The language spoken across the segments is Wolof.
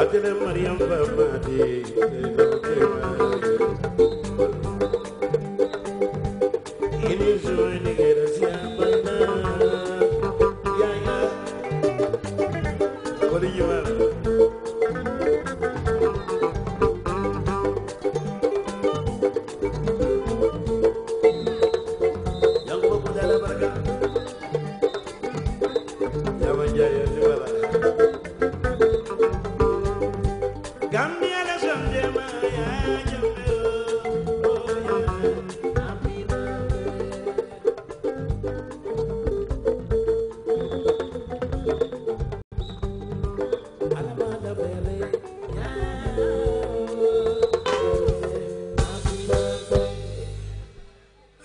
Adile Mariam Bamadi.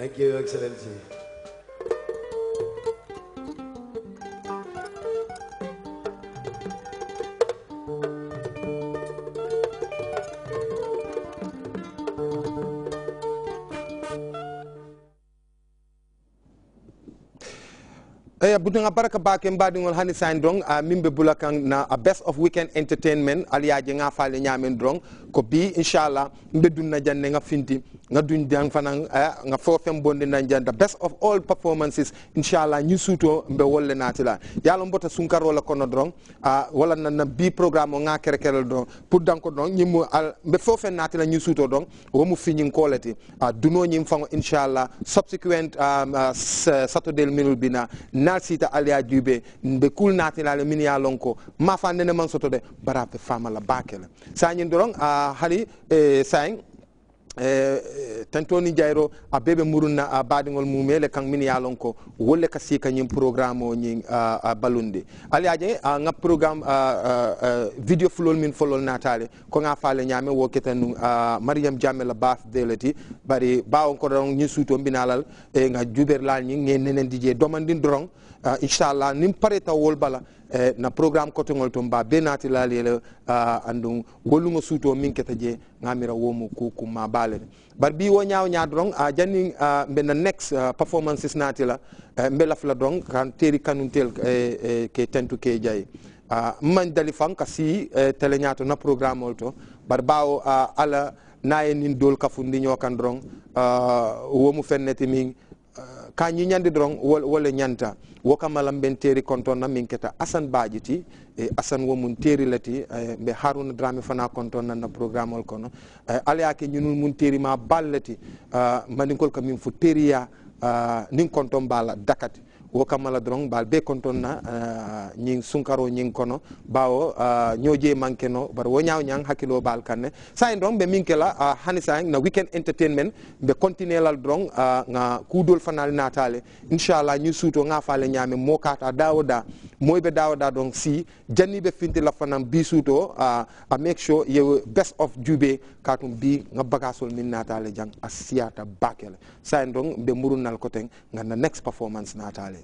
Thank you, Excellency. butunga baraka bake mbadingol hani sain drong uh, ah, mimbe bulakan na a ah, best of weekend entertainment aliaje nga fale nyamen drong ko bi inshallah mbe dunna jande nga finti nga duñ dang fanan uh, best of all performances inshallah ñu suto mbe wolle natila yalla mbota sunkaro la kono drong uh, ah, wala na, na bi programme nga kere kere drong danko drong ñimu al mbe fofen natila ñu suto drong wo mu fiñin kolati uh, duno ñim fango inshallah subsequent um, sita aliya jube be kulnatilale min ya lon ko ma fandene man sotode bara be famala bakela sañin doron a hali e sayin e, tantoni jayro a beɓe murunna a baɗigol mumele kan min yalon ko wolle ka sika ñin programme o ñin balunde aliaje ga programme vidéo fulol min folol natale ko ga faale ñame wo ketan nu mariame diamela bafdele ti bari bawon ko ɗon ñin suuto mbinalal e ga juuɓer lal ñin ge uh, ah, inchallah nin pare taw bala e, na programme kotogol to mba be naati laali ele uh, ah, andum gollugo suuto min keta je gamira womo kukum ma baalede bar bi wo ñaaw ñaa doron uh, ah, janni mbe na next performances naati la uh, mbe lafla don kan teeri kanuntel e, ke tentu ke jayi uh, dali fan ka si tele ñaato na programme ol to bar bawo uh, ala naye nin dol kafundi ñokan doron uh, womu fenneti min ka ñiñandi doron wo le ñanta wo kamalam ɓen teeri kontonna min keta asan baaji ti e asan womun teeri le ti e, mbe haruna drame fana kontonna na programme ol kono e, alayake ñunun mun teeri ma balle ti e, maninkol ka min fo teeriya nin konton mbala dakati wo kamala dron bal be konton na uh, nyin sunkaro nyin kono bawo uh, nyoje manke no bar wo nyaaw nyang hakilo bal kanne sayin dron be minkela uh, hani sayin na weekend entertainment be continue lal dron uh, nga kudol fanal natale inshallah nyu suto nga fale nyame mo kata dawo da moyɓe dawaɗa ɗon si janniɓe fintilla fanan bi suuto a a make sure yew best of juuɓe ka tum bi ga min natale jang a siyata bakele sa en ɗon ɓe murunnal coten ganda next performance natale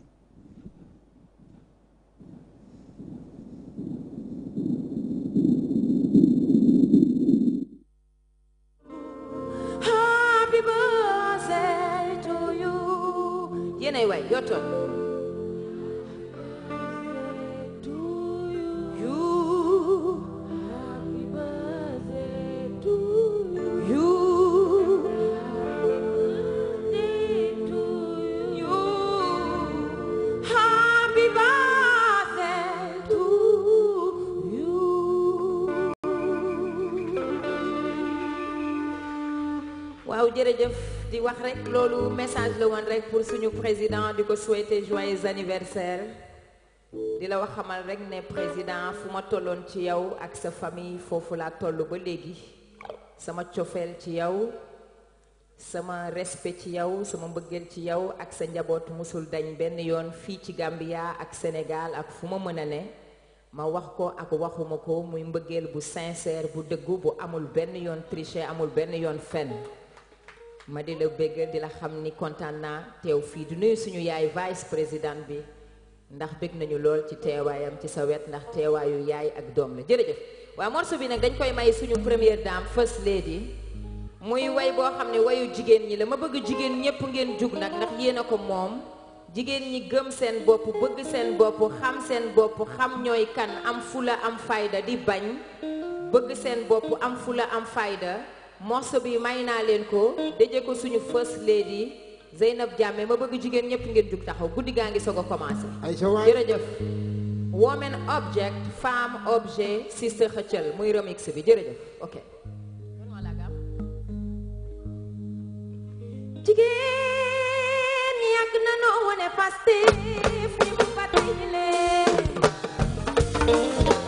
waaw jërëjëf di wax rek loolu message la woon rek pour suñu président di ko souhaiter joyeux anniversaire di la wax xamal rek ne président fu ma tolloon ci yow ak sa famille foofu laa toll ba léegi sama cofeel ci yow sama respect ci yow sama mbëggeel ci yow ak sa njaboot musul dañ benn yoon fii ci Gambia ak Sénégal ak fu ma mën a ne ma wax ko ak waxuma ko muy mbëggeel bu sincère bu dëggu bu amul benn yoon tricher amul benn yoon fen ma di la béggal di la xam ni kontaan naa teew fii du nuyu suñu yaay vice président bi ndax bég nañu lool ci teewaayam ci sa wet ndax teewaayu yaay ak doom la jërëjëf waaw morceau bi nag dañ koy may suñu première dame first lady muy way boo xam ne woyu jigéen ñi la ma bëgg jigéen ñëpp ngeen jug nag ndax yéen a ko moom jigéen ñi gëm seen bopp bëgg seen bopp xam seen bopp xam ñooy kan am fu la am fayda di bañ bëgg seen bopp am fu la am fayda morceau bi may naa leen ko dëje ko suñu first lady Zeynab Jammeh ma bëgg jigéen ñëpp ngeen jug taxaw guddi gaa ngi soog a commencé jërëjëf woman object femme objet sister xëcël muy remix bi jërëjëf ok jigéen yàgg na noo wone Pastef ni mu fàttali leen